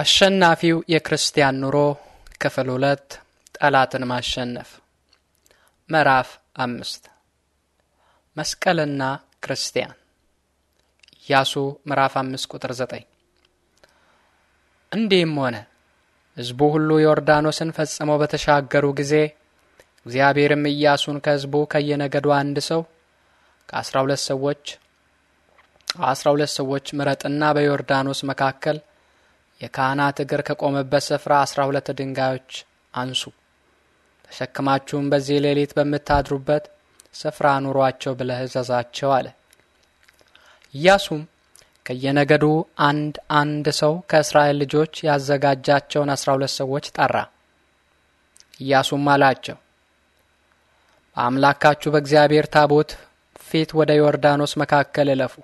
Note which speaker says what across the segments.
Speaker 1: አሸናፊው የክርስቲያን ኑሮ ክፍል ሁለት ጠላትን ማሸነፍ ምዕራፍ አምስት መስቀልና ክርስቲያን ኢያሱ ምዕራፍ አምስት ቁጥር ዘጠኝ እንዲህም ሆነ ሕዝቡ ሁሉ ዮርዳኖስን ፈጽመው በተሻገሩ ጊዜ እግዚአብሔርም ኢያሱን ከሕዝቡ ከየነገዱ አንድ ሰው ከአስራ ሁለት ሰዎች አስራ ሁለት ሰዎች ምረጥና በዮርዳኖስ መካከል የካህናት እግር ከቆመበት ስፍራ አስራ ሁለት ድንጋዮች አንሱ ተሸክማችሁም በዚህ ሌሊት በምታድሩበት ስፍራ ኑሯቸው ብለህ እዘዛቸው አለ። ኢያሱም ከየነገዱ አንድ አንድ ሰው ከእስራኤል ልጆች ያዘጋጃቸውን አስራ ሁለት ሰዎች ጠራ። ኢያሱም አላቸው፣ በአምላካችሁ በእግዚአብሔር ታቦት ፊት ወደ ዮርዳኖስ መካከል እለፉ።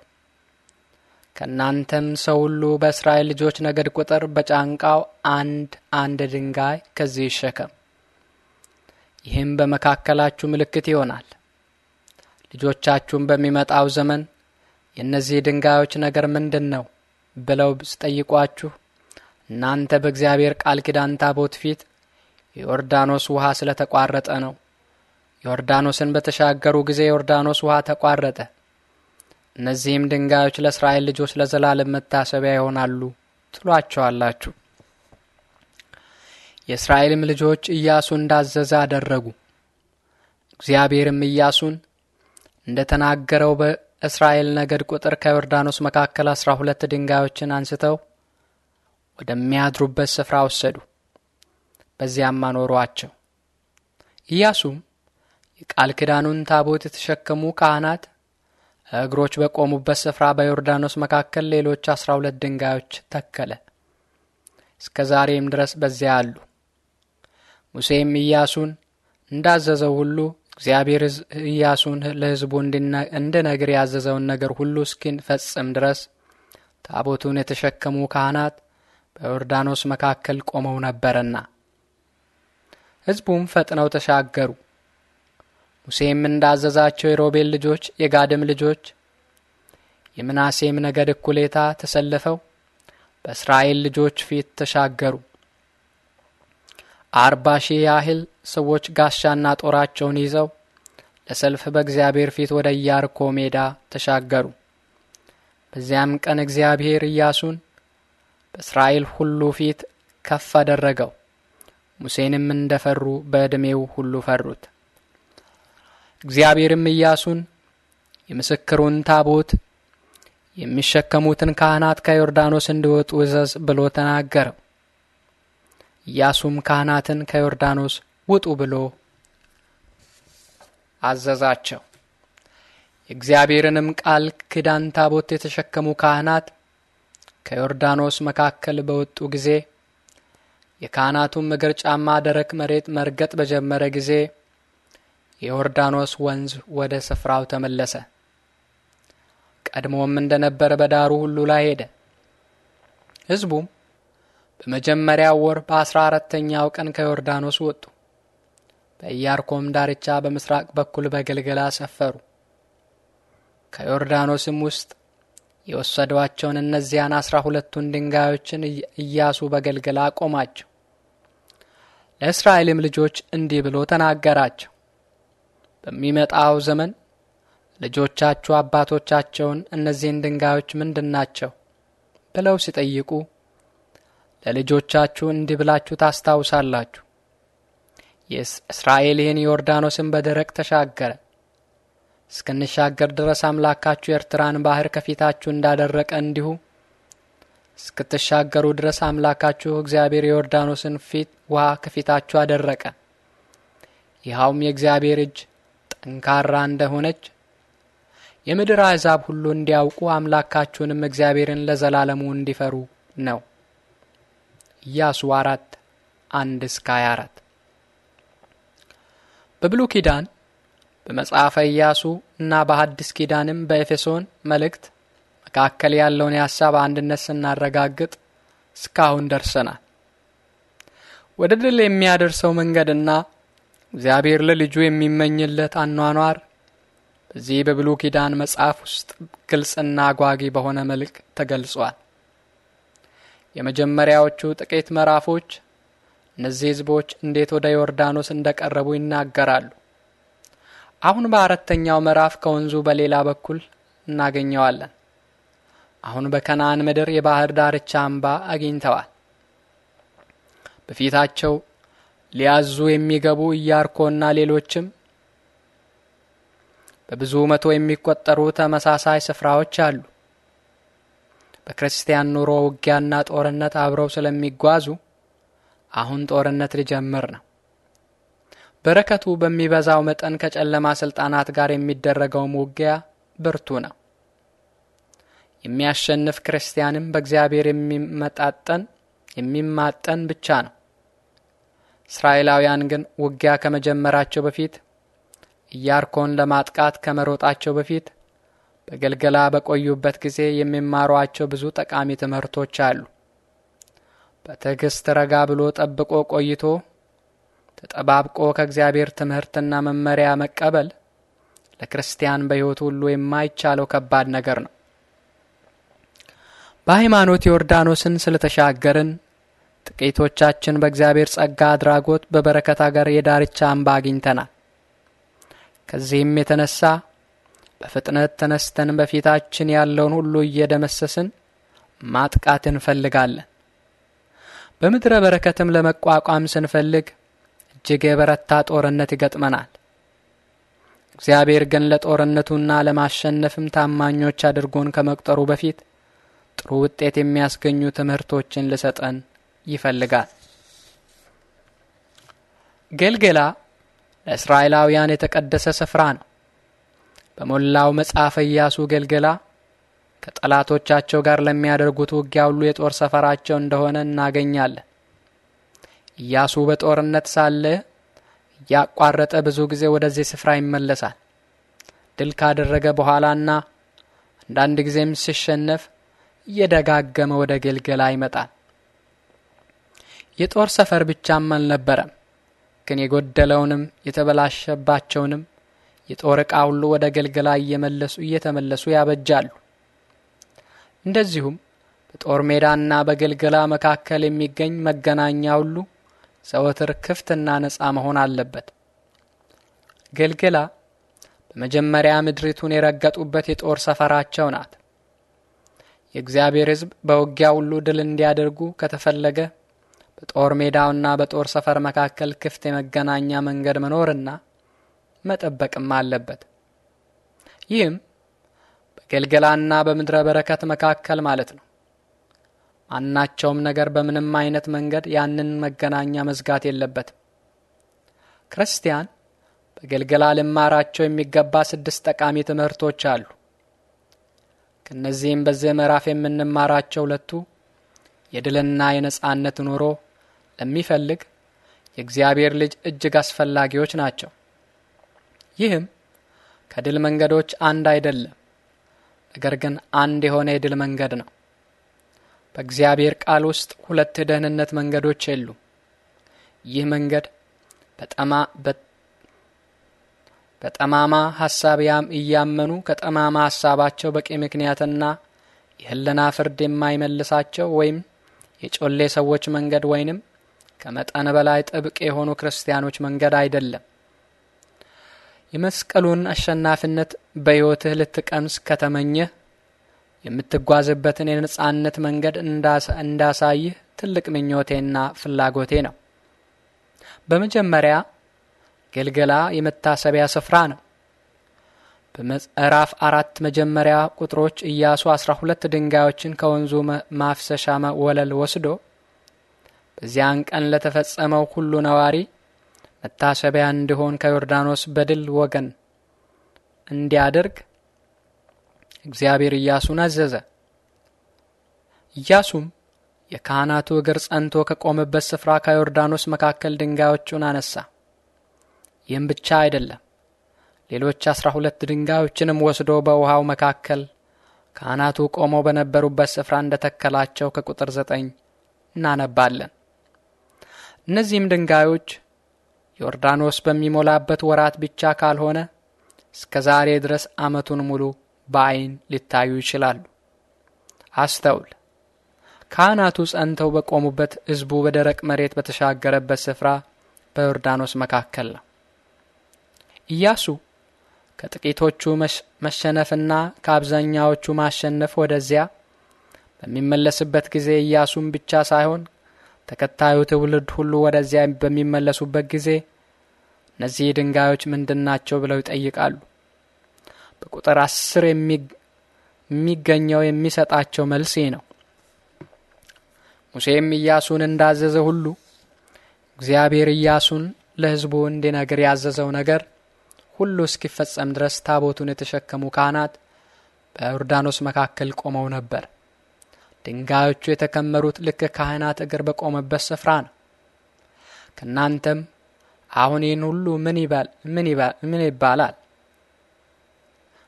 Speaker 1: ከእናንተም ሰው ሁሉ በእስራኤል ልጆች ነገድ ቁጥር በጫንቃው አንድ አንድ ድንጋይ ከዚህ ይሸከም። ይህም በመካከላችሁ ምልክት ይሆናል። ልጆቻችሁም በሚመጣው ዘመን የእነዚህ ድንጋዮች ነገር ምንድን ነው ብለው ስጠይቋችሁ እናንተ በእግዚአብሔር ቃል ኪዳን ታቦት ፊት የዮርዳኖስ ውሃ ስለተቋረጠ ነው። ዮርዳኖስን በተሻገሩ ጊዜ ዮርዳኖስ ውሃ ተቋረጠ። እነዚህም ድንጋዮች ለእስራኤል ልጆች ለዘላለም መታሰቢያ ይሆናሉ ትሏቸዋላችሁ። የእስራኤልም ልጆች ኢያሱ እንዳዘዘ አደረጉ። እግዚአብሔርም ኢያሱን እንደ ተናገረው በእስራኤል ነገድ ቁጥር ከዮርዳኖስ መካከል አስራ ሁለት ድንጋዮችን አንስተው ወደሚያድሩበት ስፍራ ወሰዱ፣ በዚያም አኖሯቸው። ኢያሱም የቃል ኪዳኑን ታቦት የተሸከሙ ካህናት እግሮች በቆሙበት ስፍራ በዮርዳኖስ መካከል ሌሎች አስራ ሁለት ድንጋዮች ተከለ። እስከ ዛሬም ድረስ በዚያ አሉ። ሙሴም ኢያሱን እንዳዘዘው ሁሉ እግዚአብሔር ኢያሱን ለሕዝቡ እንዲነግር ያዘዘውን ነገር ሁሉ እስኪፈጽም ድረስ ታቦቱን የተሸከሙ ካህናት በዮርዳኖስ መካከል ቆመው ነበርና ሕዝቡም ፈጥነው ተሻገሩ። ሙሴም እንዳዘዛቸው የሮቤል ልጆች የጋድም ልጆች የምናሴም ነገድ እኩሌታ ተሰልፈው በእስራኤል ልጆች ፊት ተሻገሩ። አርባ ሺህ ያህል ሰዎች ጋሻና ጦራቸውን ይዘው ለሰልፍ በእግዚአብሔር ፊት ወደ ኢያሪኮ ሜዳ ተሻገሩ። በዚያም ቀን እግዚአብሔር ኢያሱን በእስራኤል ሁሉ ፊት ከፍ አደረገው። ሙሴንም እንደፈሩ በዕድሜው ሁሉ ፈሩት። እግዚአብሔርም ኢያሱን የምስክሩን ታቦት የሚሸከሙትን ካህናት ከዮርዳኖስ እንዲወጡ እዘዝ ብሎ ተናገረው። ኢያሱም ካህናትን ከዮርዳኖስ ውጡ ብሎ አዘዛቸው። የእግዚአብሔርንም ቃል ኪዳን ታቦት የተሸከሙ ካህናት ከዮርዳኖስ መካከል በወጡ ጊዜ የካህናቱም እግር ጫማ ደረቅ መሬት መርገጥ በጀመረ ጊዜ የዮርዳኖስ ወንዝ ወደ ስፍራው ተመለሰ። ቀድሞም እንደ በዳሩ ሁሉ ላይ ሄደ። ሕዝቡም በመጀመሪያው ወር በአስራ አራተኛው ቀን ከዮርዳኖስ ወጡ። በኢያርኮም ዳርቻ በምስራቅ በኩል በገልገላ ሰፈሩ። ከዮርዳኖስም ውስጥ የወሰዷቸውን እነዚያን አስራ ሁለቱን ድንጋዮችን እያሱ በገልገላ ቆማቸው። ለእስራኤልም ልጆች እንዲህ ብሎ ተናገራቸው። በሚመጣው ዘመን ልጆቻችሁ አባቶቻቸውን እነዚህን ድንጋዮች ምንድን ናቸው ብለው ሲጠይቁ ለልጆቻችሁ እንዲህ ብላችሁ ታስታውሳላችሁ። እስራኤል ይህን ዮርዳኖስን በደረቅ ተሻገረ። እስክንሻገር ድረስ አምላካችሁ የኤርትራን ባህር ከፊታችሁ እንዳደረቀ እንዲሁ እስክትሻገሩ ድረስ አምላካችሁ እግዚአብሔር የዮርዳኖስን ፊት ውሃ ከፊታችሁ አደረቀ። ይኸውም የእግዚአብሔር እጅ ጠንካራ እንደሆነች የምድር አሕዛብ ሁሉ እንዲያውቁ አምላካችሁንም እግዚአብሔርን ለዘላለሙ እንዲፈሩ ነው። ኢያሱ አራት አንድ እስከ ሀያ አራት በብሉይ ኪዳን በመጽሐፈ ኢያሱ እና በሐዲስ ኪዳንም በኤፌሶን መልእክት መካከል ያለውን የሐሳብ አንድነት ስናረጋግጥ እስካሁን ደርሰናል። ወደ ድል የሚያደርሰው መንገድና እግዚአብሔር ለልጁ የሚመኝለት አኗኗር በዚህ በብሉ ኪዳን መጽሐፍ ውስጥ ግልጽና አጓጊ በሆነ መልክ ተገልጿል። የመጀመሪያዎቹ ጥቂት ምዕራፎች እነዚህ ሕዝቦች እንዴት ወደ ዮርዳኖስ እንደቀረቡ ይናገራሉ። አሁን በአራተኛው ምዕራፍ ከወንዙ በሌላ በኩል እናገኘዋለን። አሁን በከነአን ምድር የባህር ዳርቻ አምባ አግኝተዋል። በፊታቸው ሊያዙ የሚገቡ ኢያሪኮና ሌሎችም በብዙ መቶ የሚቆጠሩ ተመሳሳይ ስፍራዎች አሉ። በክርስቲያን ኑሮ ውጊያና ጦርነት አብረው ስለሚጓዙ አሁን ጦርነት ሊጀምር ነው። በረከቱ በሚበዛው መጠን ከጨለማ ስልጣናት ጋር የሚደረገውም ውጊያ ብርቱ ነው። የሚያሸንፍ ክርስቲያንም በእግዚአብሔር የሚመጣጠን የሚማጠን ብቻ ነው። እስራኤላውያን ግን ውጊያ ከመጀመራቸው በፊት ኢያሪኮን ለማጥቃት ከመሮጣቸው በፊት በገልገላ በቆዩበት ጊዜ የሚማሯቸው ብዙ ጠቃሚ ትምህርቶች አሉ። በትዕግስት ረጋ ብሎ ጠብቆ ቆይቶ ተጠባብቆ ከእግዚአብሔር ትምህርትና መመሪያ መቀበል ለክርስቲያን በሕይወት ሁሉ የማይቻለው ከባድ ነገር ነው። በሃይማኖት ዮርዳኖስን ስለተሻገርን ጥቂቶቻችን በእግዚአብሔር ጸጋ አድራጎት በበረከት አገር የዳርቻ አምባ አግኝተናል። ከዚህም የተነሳ በፍጥነት ተነስተን በፊታችን ያለውን ሁሉ እየደመሰስን ማጥቃት እንፈልጋለን። በምድረ በረከትም ለመቋቋም ስንፈልግ እጅግ የበረታ ጦርነት ይገጥመናል። እግዚአብሔር ግን ለጦርነቱና ለማሸነፍም ታማኞች አድርጎን ከመቁጠሩ በፊት ጥሩ ውጤት የሚያስገኙ ትምህርቶችን ልሰጠን ይፈልጋል። ገልገላ ለእስራኤላውያን የተቀደሰ ስፍራ ነው። በሞላው መጽሐፈ ኢያሱ ገልገላ ከጠላቶቻቸው ጋር ለሚያደርጉት ውጊያ ሁሉ የጦር ሰፈራቸው እንደሆነ እናገኛለን። ኢያሱ በጦርነት ሳለ እያቋረጠ ብዙ ጊዜ ወደዚህ ስፍራ ይመለሳል። ድል ካደረገ በኋላና አንዳንድ ጊዜም ሲሸነፍ እየደጋገመ ወደ ገልገላ ይመጣል። የጦር ሰፈር ብቻም አልነበረም፣ ግን የጎደለውንም የተበላሸባቸውንም የጦር ዕቃ ሁሉ ወደ ገልገላ እየመለሱ እየተመለሱ ያበጃሉ። እንደዚሁም በጦር ሜዳና በገልገላ መካከል የሚገኝ መገናኛ ሁሉ ዘወትር ክፍትና ነፃ መሆን አለበት። ገልገላ በመጀመሪያ ምድሪቱን የረገጡበት የጦር ሰፈራቸው ናት። የእግዚአብሔር ሕዝብ በውጊያ ሁሉ ድል እንዲያደርጉ ከተፈለገ በጦር ሜዳውና በጦር ሰፈር መካከል ክፍት የመገናኛ መንገድ መኖርና መጠበቅም አለበት። ይህም በገልገላና በምድረ በረከት መካከል ማለት ነው። ማናቸውም ነገር በምንም አይነት መንገድ ያንን መገናኛ መዝጋት የለበትም። ክርስቲያን በገልገላ ልማራቸው የሚገባ ስድስት ጠቃሚ ትምህርቶች አሉ። ከእነዚህም በዚህ ምዕራፍ የምንማራቸው ሁለቱ የድልና የነጻነት ኑሮ ለሚፈልግ የእግዚአብሔር ልጅ እጅግ አስፈላጊዎች ናቸው። ይህም ከድል መንገዶች አንድ አይደለም፣ ነገር ግን አንድ የሆነ የድል መንገድ ነው። በእግዚአብሔር ቃል ውስጥ ሁለት የደህንነት መንገዶች የሉም። ይህ መንገድ በጠማማ ሐሳብ እያመኑ ከጠማማ ሐሳባቸው በቂ ምክንያትና የህልና ፍርድ የማይመልሳቸው ወይም የጮሌ ሰዎች መንገድ ወይንም ከመጠን በላይ ጥብቅ የሆኑ ክርስቲያኖች መንገድ አይደለም። የመስቀሉን አሸናፊነት በሕይወትህ ልትቀምስ ከተመኘህ የምትጓዝበትን የነጻነት መንገድ እንዳሳይህ ትልቅ ምኞቴና ፍላጎቴ ነው። በመጀመሪያ ገልገላ የመታሰቢያ ስፍራ ነው። በምዕራፍ አራት መጀመሪያ ቁጥሮች ኢያሱ አስራ ሁለት ድንጋዮችን ከወንዙ ማፍሰሻ ወለል ወስዶ በዚያን ቀን ለተፈጸመው ሁሉ ነዋሪ መታሰቢያ እንዲሆን ከዮርዳኖስ በድል ወገን እንዲያደርግ እግዚአብሔር ኢያሱን አዘዘ። ኢያሱም የካህናቱ እግር ጸንቶ ከቆመበት ስፍራ ከዮርዳኖስ መካከል ድንጋዮቹን አነሳ። ይህም ብቻ አይደለም፣ ሌሎች አስራ ሁለት ድንጋዮችንም ወስዶ በውሃው መካከል ካህናቱ ቆመው በነበሩበት ስፍራ እንደተከላቸው ከቁጥር ዘጠኝ እናነባለን። እነዚህም ድንጋዮች ዮርዳኖስ በሚሞላበት ወራት ብቻ ካልሆነ እስከ ዛሬ ድረስ ዓመቱን ሙሉ በአይን ሊታዩ ይችላሉ። አስተውል። ካህናቱ ጸንተው በቆሙበት ሕዝቡ በደረቅ መሬት በተሻገረበት ስፍራ በዮርዳኖስ መካከል ነው። ኢያሱ ከጥቂቶቹ መሸነፍና ከአብዛኛዎቹ ማሸነፍ ወደዚያ በሚመለስበት ጊዜ ኢያሱም ብቻ ሳይሆን ተከታዩ ትውልድ ሁሉ ወደዚያ በሚመለሱበት ጊዜ እነዚህ ድንጋዮች ምንድን ናቸው ብለው ይጠይቃሉ። በቁጥር አስር የሚገኘው የሚሰጣቸው መልስ ነው። ሙሴም ኢያሱን እንዳዘዘ ሁሉ እግዚአብሔር ኢያሱን ለሕዝቡ እንዲነግር ያዘዘው ነገር ሁሉ እስኪፈጸም ድረስ ታቦቱን የተሸከሙ ካህናት በዮርዳኖስ መካከል ቆመው ነበር። ድንጋዮቹ የተከመሩት ልክ ካህናት እግር በቆመበት ስፍራ ነው። ከእናንተም አሁን ይህን ሁሉ ምን ምን ይባላል?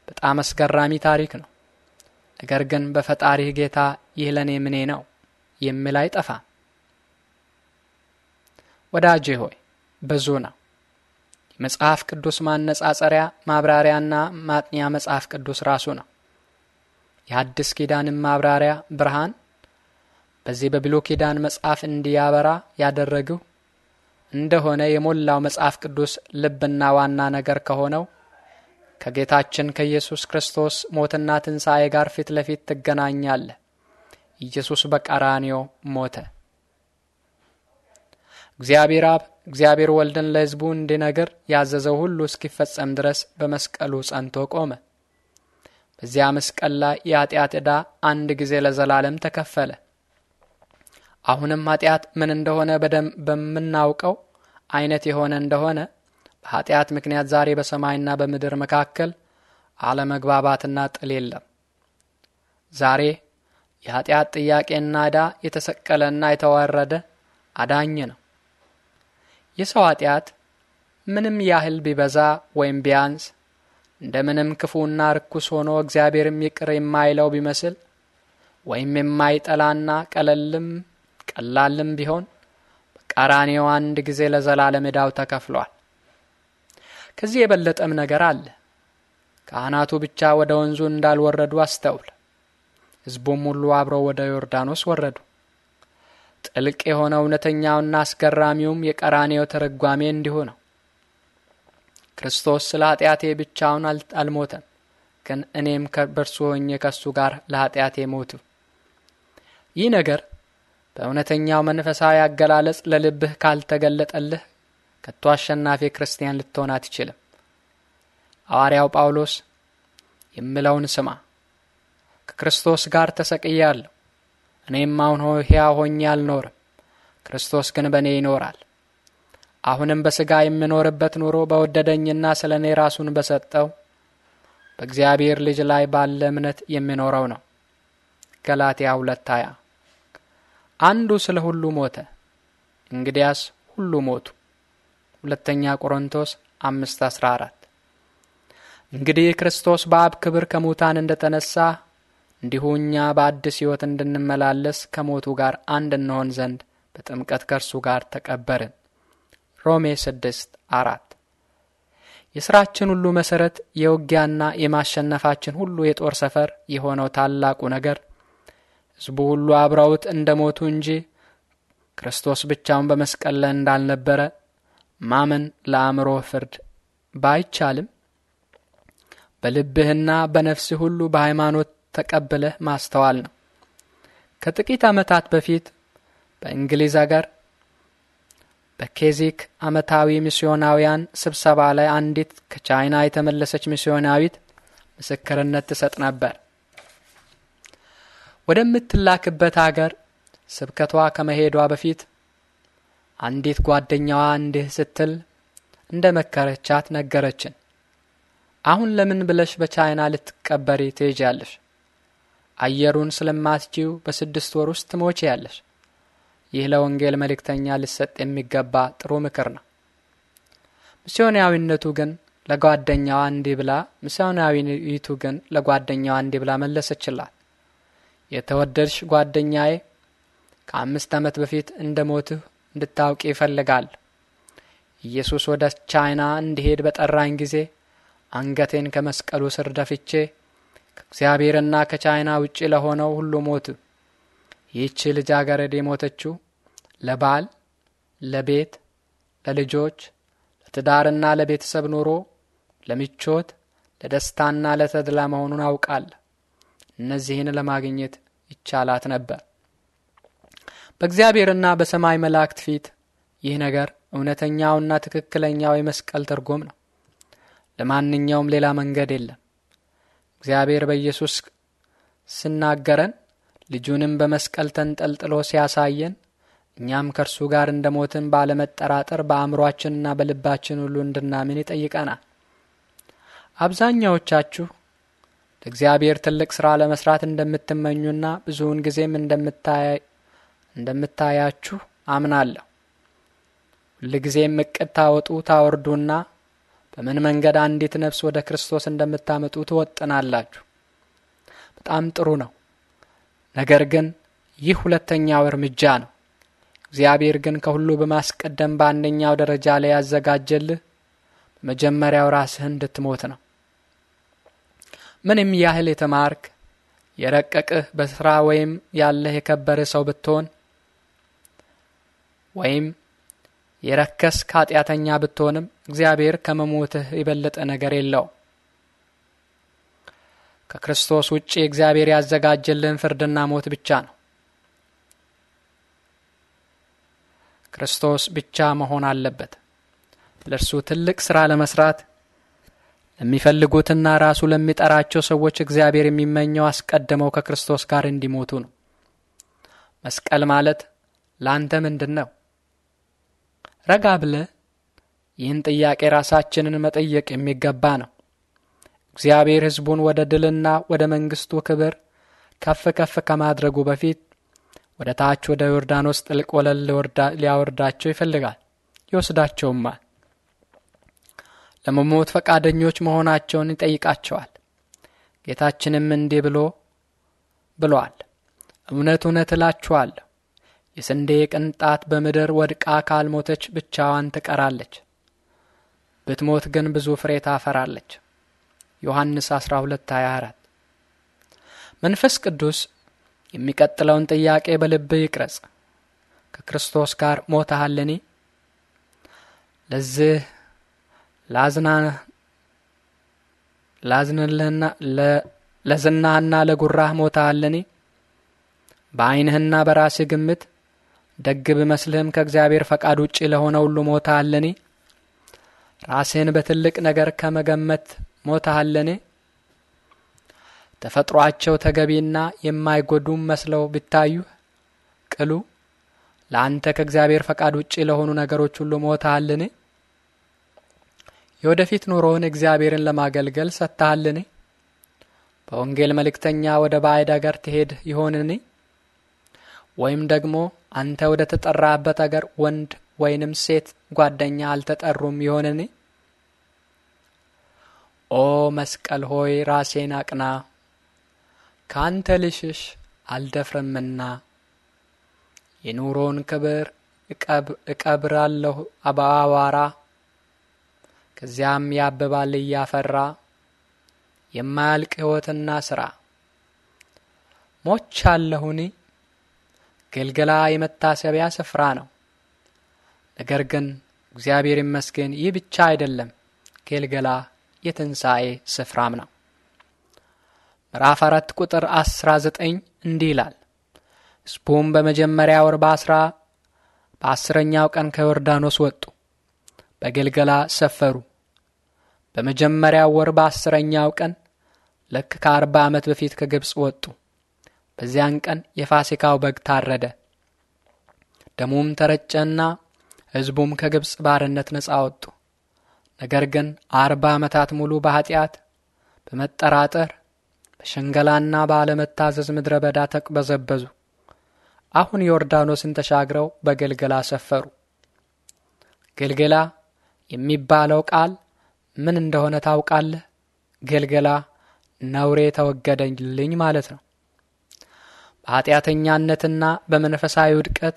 Speaker 1: በጣም አስገራሚ ታሪክ ነው። ነገር ግን በፈጣሪህ ጌታ ይህ ለእኔ ምኔ ነው የሚል አይጠፋም። ወዳጄ ሆይ ብዙ ነው። የመጽሐፍ ቅዱስ ማነጻጸሪያ ማብራሪያና ማጥኛ መጽሐፍ ቅዱስ ራሱ ነው። የአዲስ ኪዳንን ማብራሪያ ብርሃን በዚህ በብሉይ ኪዳን መጽሐፍ እንዲያበራ ያደረግሁ እንደሆነ የሞላው መጽሐፍ ቅዱስ ልብና ዋና ነገር ከሆነው ከጌታችን ከኢየሱስ ክርስቶስ ሞትና ትንሣኤ ጋር ፊት ለፊት ትገናኛለህ። ኢየሱስ በቀራንዮ ሞተ። እግዚአብሔር አብ እግዚአብሔር ወልድን ለሕዝቡ እንዲነግር ያዘዘው ሁሉ እስኪፈጸም ድረስ በመስቀሉ ጸንቶ ቆመ። በዚያ መስቀል ላይ የኃጢአት ዕዳ አንድ ጊዜ ለዘላለም ተከፈለ። አሁንም ኃጢአት ምን እንደሆነ በደም በምናውቀው አይነት የሆነ እንደሆነ በኃጢአት ምክንያት ዛሬ በሰማይና በምድር መካከል አለመግባባትና ጥል የለም። ዛሬ የኃጢአት ጥያቄና ዕዳ የተሰቀለና የተዋረደ አዳኝ ነው። የሰው ኃጢአት ምንም ያህል ቢበዛ ወይም ቢያንስ እንደምንም ክፉና ርኩስ ሆኖ እግዚአብሔርም ይቅር የማይለው ቢመስል ወይም የማይጠላና ቀለልም ቀላልም ቢሆን በቀራኔው አንድ ጊዜ ለዘላለም ዕዳው ተከፍሏል። ከዚህ የበለጠም ነገር አለ። ካህናቱ ብቻ ወደ ወንዙ እንዳልወረዱ አስተውል። ሕዝቡም ሁሉ አብረው ወደ ዮርዳኖስ ወረዱ። ጥልቅ የሆነ እውነተኛውና አስገራሚውም የቀራኔው ትርጓሜ እንዲሁ ነው። ክርስቶስ ስለ ኃጢአቴ ብቻውን አልሞተም፣ ግን እኔም በእርሱ ሆኜ ከእሱ ጋር ለኃጢአቴ ሞቱ። ይህ ነገር በእውነተኛው መንፈሳዊ አገላለጽ ለልብህ ካልተገለጠልህ ከቶ አሸናፊ ክርስቲያን ልትሆን አትችልም። ሐዋርያው ጳውሎስ የምለውን ስማ፣ ከክርስቶስ ጋር ተሰቅያለሁ። እኔም አሁን ሕያው ሆኜ አልኖርም፣ ክርስቶስ ግን በእኔ ይኖራል። አሁንም በሥጋ የምኖርበት ኑሮ በወደደኝና ስለ እኔ ራሱን በሰጠው በእግዚአብሔር ልጅ ላይ ባለ እምነት የሚኖረው ነው። ገላትያ ሁለት ሀያ አንዱ ስለ ሁሉ ሞተ፣ እንግዲያስ ሁሉ ሞቱ። ሁለተኛ ቆሮንቶስ አምስት አስራ አራት እንግዲህ ክርስቶስ በአብ ክብር ከሙታን እንደ ተነሳ እንዲሁ እኛ በአዲስ ሕይወት እንድንመላለስ ከሞቱ ጋር አንድ እንሆን ዘንድ በጥምቀት ከእርሱ ጋር ተቀበርን። ሮሜ 6 አራት የሥራችን ሁሉ መሠረት የውጊያና የማሸነፋችን ሁሉ የጦር ሰፈር የሆነው ታላቁ ነገር ሕዝቡ ሁሉ አብረውት እንደ ሞቱ እንጂ ክርስቶስ ብቻውን በመስቀል ላይ እንዳልነበረ ማመን ለአእምሮ ፍርድ ባይቻልም በልብህና በነፍስህ ሁሉ በሃይማኖት ተቀብለህ ማስተዋል ነው። ከጥቂት ዓመታት በፊት በእንግሊዝ አገር በኬዚክ ዓመታዊ ሚስዮናውያን ስብሰባ ላይ አንዲት ከቻይና የተመለሰች ሚስዮናዊት ምስክርነት ትሰጥ ነበር። ወደምትላክበት አገር ስብከቷ ከመሄዷ በፊት አንዲት ጓደኛዋ እንዲህ ስትል እንደ መከረቻት ነገረችን። አሁን ለምን ብለሽ በቻይና ልትቀበሪ ትሄጃለሽ? አየሩን ስለማትችው በስድስት ወር ውስጥ ትሞቼ ያለሽ ይህ ለወንጌል መልእክተኛ ሊሰጥ የሚገባ ጥሩ ምክር ነው። ምስዮናዊነቱ ግን ለጓደኛዋ እንዲህ ብላ ሚስዮናዊቱ ግን ለጓደኛዋ እንዲህ ብላ መለሰችላት። የተወደድሽ ጓደኛዬ ከአምስት ዓመት በፊት እንደ ሞትህ እንድታውቂ ይፈልጋል። ኢየሱስ ወደ ቻይና እንዲሄድ በጠራኝ ጊዜ አንገቴን ከመስቀሉ ስር ደፍቼ ከእግዚአብሔርና ከቻይና ውጪ ለሆነው ሁሉ ሞት። ይህቺ ልጃገረድ የሞተችው ለባል፣ ለቤት፣ ለልጆች፣ ለትዳርና ለቤተሰብ ኑሮ፣ ለምቾት፣ ለደስታና ለተድላ መሆኑን አውቃለ። እነዚህን ለማግኘት ይቻላት ነበር። በእግዚአብሔርና በሰማይ መላእክት ፊት ይህ ነገር እውነተኛውና ትክክለኛው የመስቀል ትርጉም ነው። ለማንኛውም ሌላ መንገድ የለም። እግዚአብሔር በኢየሱስ ስናገረን ልጁንም በመስቀል ተንጠልጥሎ ሲያሳየን እኛም ከእርሱ ጋር እንደ ሞትን ባለመጠራጠር በአእምሯችንና በልባችን ሁሉ እንድናምን ይጠይቀናል። አብዛኛዎቻችሁ ለእግዚአብሔር ትልቅ ሥራ ለመስራት እንደምትመኙና ብዙውን ጊዜም እንደምታያችሁ አምናለሁ። ሁልጊዜም እቅድ ታወጡ ታወርዱና በምን መንገድ አንዲት ነፍስ ወደ ክርስቶስ እንደምታመጡ ትወጥናላችሁ። በጣም ጥሩ ነው። ነገር ግን ይህ ሁለተኛው እርምጃ ነው። እግዚአብሔር ግን ከሁሉ በማስቀደም በአንደኛው ደረጃ ላይ ያዘጋጀልህ በመጀመሪያው ራስህ እንድትሞት ነው። ምንም ያህል የተማርክ የረቀቅህ በስራ ወይም ያለህ የከበርህ ሰው ብትሆን ወይም የረከስ ኃጢአተኛ ብትሆንም እግዚአብሔር ከመሞትህ የበለጠ ነገር የለው። ከክርስቶስ ውጭ እግዚአብሔር ያዘጋጀልህን ፍርድና ሞት ብቻ ነው። ክርስቶስ ብቻ መሆን አለበት። ለእርሱ ትልቅ ሥራ ለመስራት ለሚፈልጉትና ራሱ ለሚጠራቸው ሰዎች እግዚአብሔር የሚመኘው አስቀድመው ከክርስቶስ ጋር እንዲሞቱ ነው። መስቀል ማለት ለአንተ ምንድን ነው? ረጋ ብለ ይህን ጥያቄ ራሳችንን መጠየቅ የሚገባ ነው። እግዚአብሔር ሕዝቡን ወደ ድልና ወደ መንግሥቱ ክብር ከፍ ከፍ ከማድረጉ በፊት ወደ ታች ወደ ዮርዳኖስ ጥልቅ ወለል ሊያወርዳቸው ይፈልጋል፣ ይወስዳቸውማል። ለመሞት ፈቃደኞች መሆናቸውን ይጠይቃቸዋል። ጌታችንም እንዲህ ብሎ ብሏል፣ እውነት እውነት እላችኋለሁ የስንዴ ቅንጣት በምድር ወድቃ ካልሞተች ብቻዋን ትቀራለች፣ ብትሞት ግን ብዙ ፍሬ ታፈራለች። ዮሐንስ 12 24 መንፈስ ቅዱስ የሚቀጥለውን ጥያቄ በልብህ ይቅረጽ። ከክርስቶስ ጋር ሞተሃልን? ለዚህ ላዝንልህና ለዝናህና ለጉራህ ሞተሃልን? በአይንህና በራስህ ግምት ደግ ብመስልህም ከእግዚአብሔር ፈቃድ ውጪ ለሆነ ሁሉ ሞተሃልን? ራስህን በትልቅ ነገር ከመገመት ሞተሃልን? ተፈጥሯቸው ተገቢና የማይጎዱም መስለው ቢታዩ ቅሉ ለአንተ ከእግዚአብሔር ፈቃድ ውጪ ለሆኑ ነገሮች ሁሉ ሞተሃልን? የወደፊት ኑሮውን እግዚአብሔርን ለማገልገል ሰጥተሃልን? በወንጌል መልእክተኛ ወደ ባዕድ አገር ትሄድ ይሆንን? ወይም ደግሞ አንተ ወደ ተጠራበት አገር ወንድ ወይንም ሴት ጓደኛ አልተጠሩም ይሆንን? ኦ መስቀል ሆይ ራሴን አቅና። ካንተ ልሽሽ አልደፍርምና የኑሮን ክብር እቀብራለሁ አባዋራ ከዚያም ያብባል እያፈራ የማያልቅ ሕይወትና ሥራ። አለሁኒ ገልገላ የመታሰቢያ ስፍራ ነው። ነገር ግን እግዚአብሔር ይመስገን ይህ ብቻ አይደለም፣ ገልገላ የትንሣኤ ስፍራም ነው። ምዕራፍ 4 ቁጥር 19 እንዲህ ይላል። ሕዝቡም በመጀመሪያ ወር በአስራ በአስረኛው ቀን ከዮርዳኖስ ወጡ፣ በገልገላ ሰፈሩ። በመጀመሪያው ወር በአስረኛው ቀን ልክ ከአርባ ዓመት በፊት ከግብፅ ወጡ። በዚያን ቀን የፋሲካው በግ ታረደ፣ ደሙም ተረጨና ሕዝቡም ከግብፅ ባርነት ነፃ ወጡ። ነገር ግን አርባ ዓመታት ሙሉ በኃጢአት በመጠራጠር በሽንገላና ባለመታዘዝ ምድረ በዳ ተቅበዘበዙ። አሁን ዮርዳኖስን ተሻግረው በገልገላ ሰፈሩ። ገልገላ የሚባለው ቃል ምን እንደሆነ ታውቃለህ? ገልገላ ነውሬ ተወገደልኝ ማለት ነው። በኃጢአተኛነትና በመንፈሳዊ ውድቀት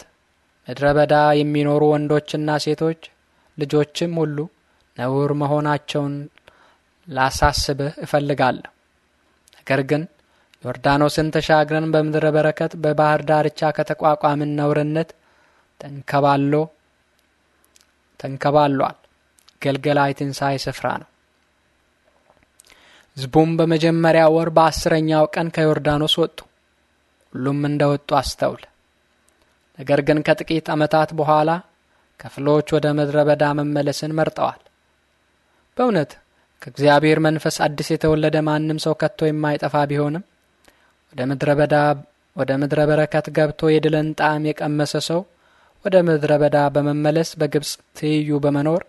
Speaker 1: ምድረ በዳ የሚኖሩ ወንዶችና ሴቶች ልጆችም ሁሉ ነውር መሆናቸውን ላሳስብህ እፈልጋለሁ። ነገር ግን ዮርዳኖስን ተሻግረን በምድረ በረከት በባህር ዳርቻ ከተቋቋምን ነውርነት ተንከባሎ ተንከባሏል። ገልገላ የትንሣኤ ስፍራ ነው። ሕዝቡም በመጀመሪያ ወር በአስረኛው ቀን ከዮርዳኖስ ወጡ። ሁሉም እንደ ወጡ አስተውል። ነገር ግን ከጥቂት ዓመታት በኋላ ክፍሎች ወደ ምድረ በዳ መመለስን መርጠዋል። በእውነት ከእግዚአብሔር መንፈስ አዲስ የተወለደ ማንም ሰው ከቶ የማይጠፋ ቢሆንም ወደ ምድረ በዳ ወደ ምድረ በረከት ገብቶ የድልን ጣዕም የቀመሰ ሰው ወደ ምድረ በዳ በመመለስ በግብፅ ትይዩ በመኖር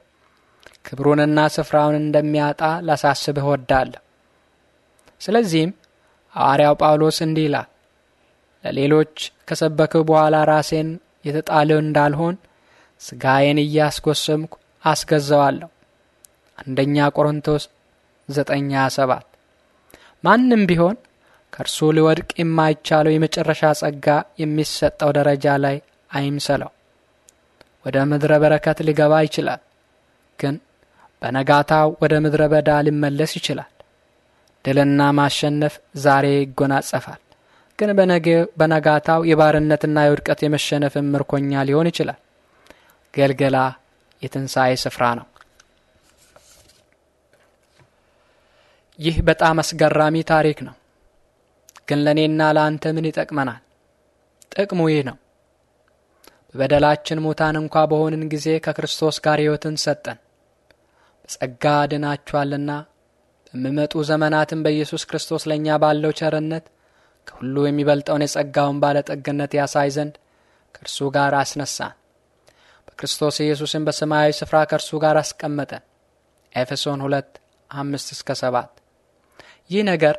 Speaker 1: ክብሩንና ስፍራውን እንደሚያጣ ላሳስብህ እወዳለሁ። ስለዚህም ሐዋርያው ጳውሎስ እንዲህ ይላል፣ ለሌሎች ከሰበክሁ በኋላ ራሴን የተጣልሁ እንዳልሆን ስጋዬን እያስጎሰምኩ አስገዛዋለሁ። አንደኛ ቆሮንቶስ 9:27 ማንም ቢሆን ከእርሱ ሊወድቅ የማይቻለው የመጨረሻ ጸጋ የሚሰጠው ደረጃ ላይ አይምሰለው። ወደ ምድረ በረከት ሊገባ ይችላል፣ ግን በነጋታው ወደ ምድረ በዳ ሊመለስ ይችላል። ድልና ማሸነፍ ዛሬ ይጎናጸፋል፣ ግን በነጋታው የባርነትና የውድቀት የመሸነፍን ምርኮኛ ሊሆን ይችላል። ገልገላ የትንሣኤ ስፍራ ነው። ይህ በጣም አስገራሚ ታሪክ ነው። ግን ለእኔና ለአንተ ምን ይጠቅመናል? ጥቅሙ ይህ ነው። በበደላችን ሙታን እንኳ በሆንን ጊዜ ከክርስቶስ ጋር ሕይወትን ሰጠን። በጸጋ ድናችኋልና በሚመጡ ዘመናትም በኢየሱስ ክርስቶስ ለእኛ ባለው ቸርነት ከሁሉ የሚበልጠውን የጸጋውን ባለጠግነት ያሳይ ዘንድ ከእርሱ ጋር አስነሳን። በክርስቶስ ኢየሱስን በሰማያዊ ስፍራ ከእርሱ ጋር አስቀመጠን። ኤፌሶን ሁለት አምስት እስከ ሰባት ይህ ነገር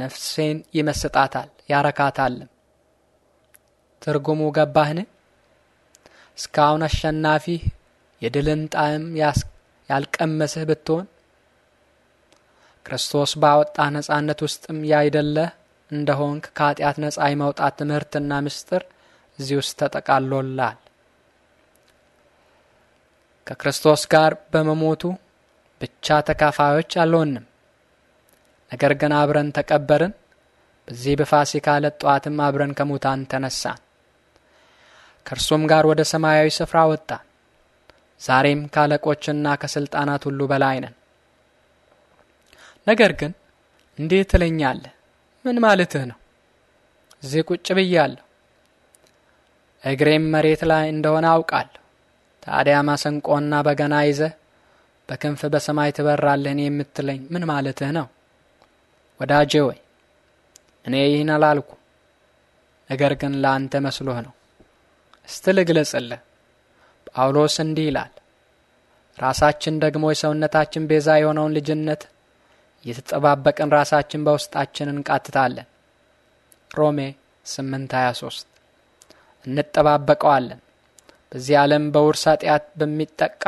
Speaker 1: ነፍሴን ይመስጣታል ያረካታልም። ትርጉሙ ገባህን? እስካሁን አሸናፊህ የድልን ጣዕም ያልቀመስህ ብትሆን ክርስቶስ ባወጣ ነጻነት ውስጥም ያይደለህ እንደሆንክ ከኃጢአት ነጻ የመውጣት ትምህርትና ምስጢር እዚህ ውስጥ ተጠቃሎላል። ከክርስቶስ ጋር በመሞቱ ብቻ ተካፋዮች አልሆንም። ነገር ግን አብረን ተቀበርን። በዚህ በፋሲካ ዕለት ጠዋትም አብረን ከሙታን ተነሳን፣ ከእርሱም ጋር ወደ ሰማያዊ ስፍራ ወጣን። ዛሬም ከአለቆችና ከሥልጣናት ሁሉ በላይ ነን። ነገር ግን እንዴት ትለኛለህ? ምን ማለትህ ነው? እዚህ ቁጭ ብያለሁ፣ እግሬም መሬት ላይ እንደሆነ አውቃለሁ። ታዲያ ማሰንቆና በገና ይዘህ በክንፍ በሰማይ ትበራለህን የምትለኝ ምን ማለትህ ነው? ወዳጄ ወይ እኔ ይህን አላልኩ፣ ነገር ግን ለአንተ መስሎህ ነው። እስቲ ልግለጽልህ። ጳውሎስ እንዲህ ይላል፣ ራሳችን ደግሞ የሰውነታችን ቤዛ የሆነውን ልጅነት እየተጠባበቅን ራሳችን በውስጣችን እንቃትታለን። ሮሜ 8:23 እንጠባበቀዋለን። በዚህ ዓለም በውርስ ኃጢአት በሚጠቃ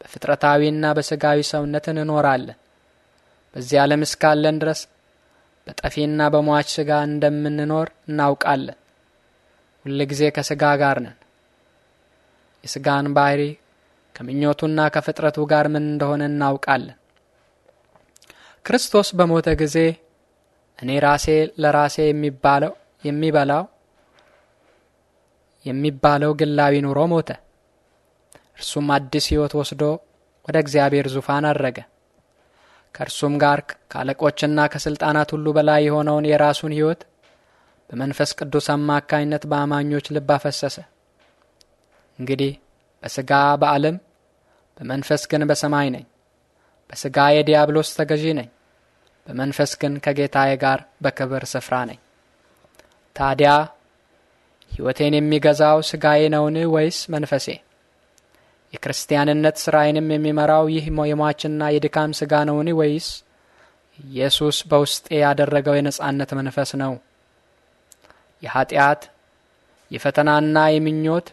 Speaker 1: በፍጥረታዊና በሥጋዊ ሰውነት እንኖራለን። በዚህ ዓለም እስካለን ድረስ በጠፊና በሟች ሥጋ እንደምንኖር እናውቃለን። ሁል ጊዜ ከሥጋ ጋር ነን። የሥጋን ባህሪ ከምኞቱና ከፍጥረቱ ጋር ምን እንደሆነ እናውቃለን። ክርስቶስ በሞተ ጊዜ እኔ ራሴ ለራሴ የሚባለው የሚበላው የሚባለው ግላዊ ኑሮ ሞተ። እርሱም አዲስ ሕይወት ወስዶ ወደ እግዚአብሔር ዙፋን አረገ። ከእርሱም ጋር ከአለቆችና ከሥልጣናት ሁሉ በላይ የሆነውን የራሱን ሕይወት በመንፈስ ቅዱስ አማካኝነት በአማኞች ልብ አፈሰሰ። እንግዲህ በሥጋ በዓለም በመንፈስ ግን በሰማይ ነኝ። በሥጋ የዲያብሎስ ተገዢ ነኝ፣ በመንፈስ ግን ከጌታዬ ጋር በክብር ስፍራ ነኝ። ታዲያ ሕይወቴን የሚገዛው ሥጋዬ ነውን ወይስ መንፈሴ? የክርስቲያንነት ሥራዬንም የሚመራው ይህ የሟችና የድካም ሥጋ ነውን ወይስ ኢየሱስ በውስጤ ያደረገው የነጻነት መንፈስ ነው? የኀጢአት የፈተናና የምኞት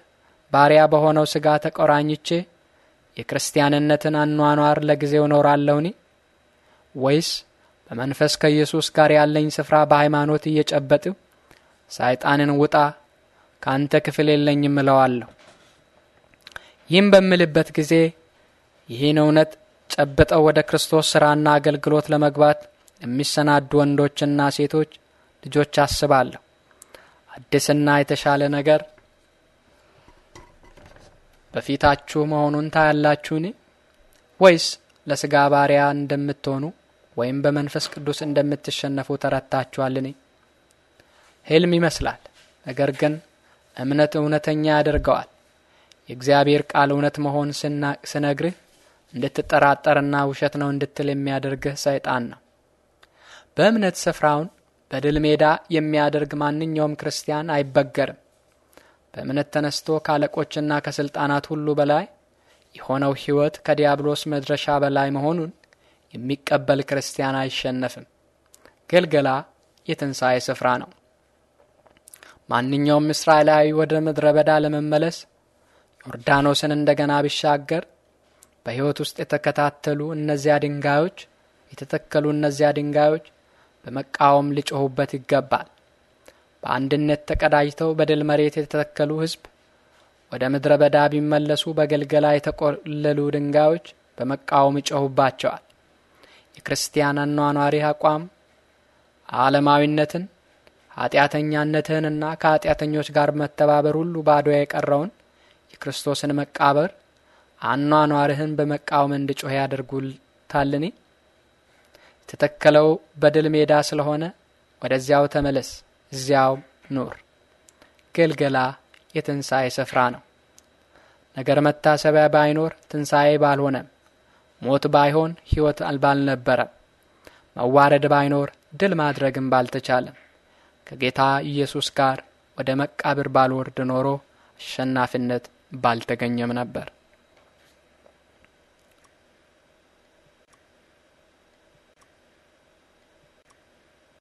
Speaker 1: ባሪያ በሆነው ሥጋ ተቆራኝቼ የክርስቲያንነትን አኗኗር ለጊዜው እኖራለሁኒ ወይስ በመንፈስ ከኢየሱስ ጋር ያለኝ ስፍራ በሃይማኖት እየጨበጥው ሳይጣንን ውጣ ከአንተ ክፍል የለኝም እለዋለሁ? ይህም በምልበት ጊዜ ይህን እውነት ጨብጠው ወደ ክርስቶስ ሥራና አገልግሎት ለመግባት የሚሰናዱ ወንዶችና ሴቶች ልጆች አስባለሁ። አዲስና የተሻለ ነገር በፊታችሁ መሆኑን ታያላችሁን? ወይስ ለሥጋ ባሪያ እንደምትሆኑ ወይም በመንፈስ ቅዱስ እንደምትሸነፉ ተረድታችኋልን? ሕልም ይመስላል፣ ነገር ግን እምነት እውነተኛ ያደርገዋል። የእግዚአብሔር ቃል እውነት መሆን ስነግርህ እንድትጠራጠርና ውሸት ነው እንድትል የሚያደርግህ ሰይጣን ነው። በእምነት ስፍራውን በድል ሜዳ የሚያደርግ ማንኛውም ክርስቲያን አይበገርም። በእምነት ተነስቶ ከአለቆችና ከሥልጣናት ሁሉ በላይ የሆነው ሕይወት ከዲያብሎስ መድረሻ በላይ መሆኑን የሚቀበል ክርስቲያን አይሸነፍም። ገልገላ የትንሣኤ ስፍራ ነው። ማንኛውም እስራኤላዊ ወደ ምድረ በዳ ለመመለስ ዮርዳኖስን እንደገና ቢሻገር በሕይወት ውስጥ የተከታተሉ እነዚያ ድንጋዮች የተተከሉ እነዚያ ድንጋዮች በመቃወም ሊጮሁበት ይገባል። በአንድነት ተቀዳጅተው በድል መሬት የተተከሉ ሕዝብ ወደ ምድረ በዳ ቢመለሱ በገልገላ የተቆለሉ ድንጋዮች በመቃወም ይጮሁባቸዋል። የክርስቲያን አኗኗሪ አቋም ዓለማዊነትን ኃጢአተኛነትህንና ከኃጢአተኞች ጋር መተባበር ሁሉ ባዶ የቀረውን ክርስቶስን መቃበር አኗኗርህን በመቃወም እንድጮህ ያደርጉታልን? የተተከለው በድል ሜዳ ስለሆነ ወደዚያው ተመለስ፣ እዚያው ኑር። ገልገላ የትንሣኤ ስፍራ ነው። ነገር መታሰቢያ ባይኖር ትንሣኤ ባልሆነም፣ ሞት ባይሆን ሕይወት ባልነበረም፣ መዋረድ ባይኖር ድል ማድረግም ባልተቻለም፣ ከጌታ ኢየሱስ ጋር ወደ መቃብር ባልወርድ ኖሮ አሸናፊነት ባልተገኘም ነበር።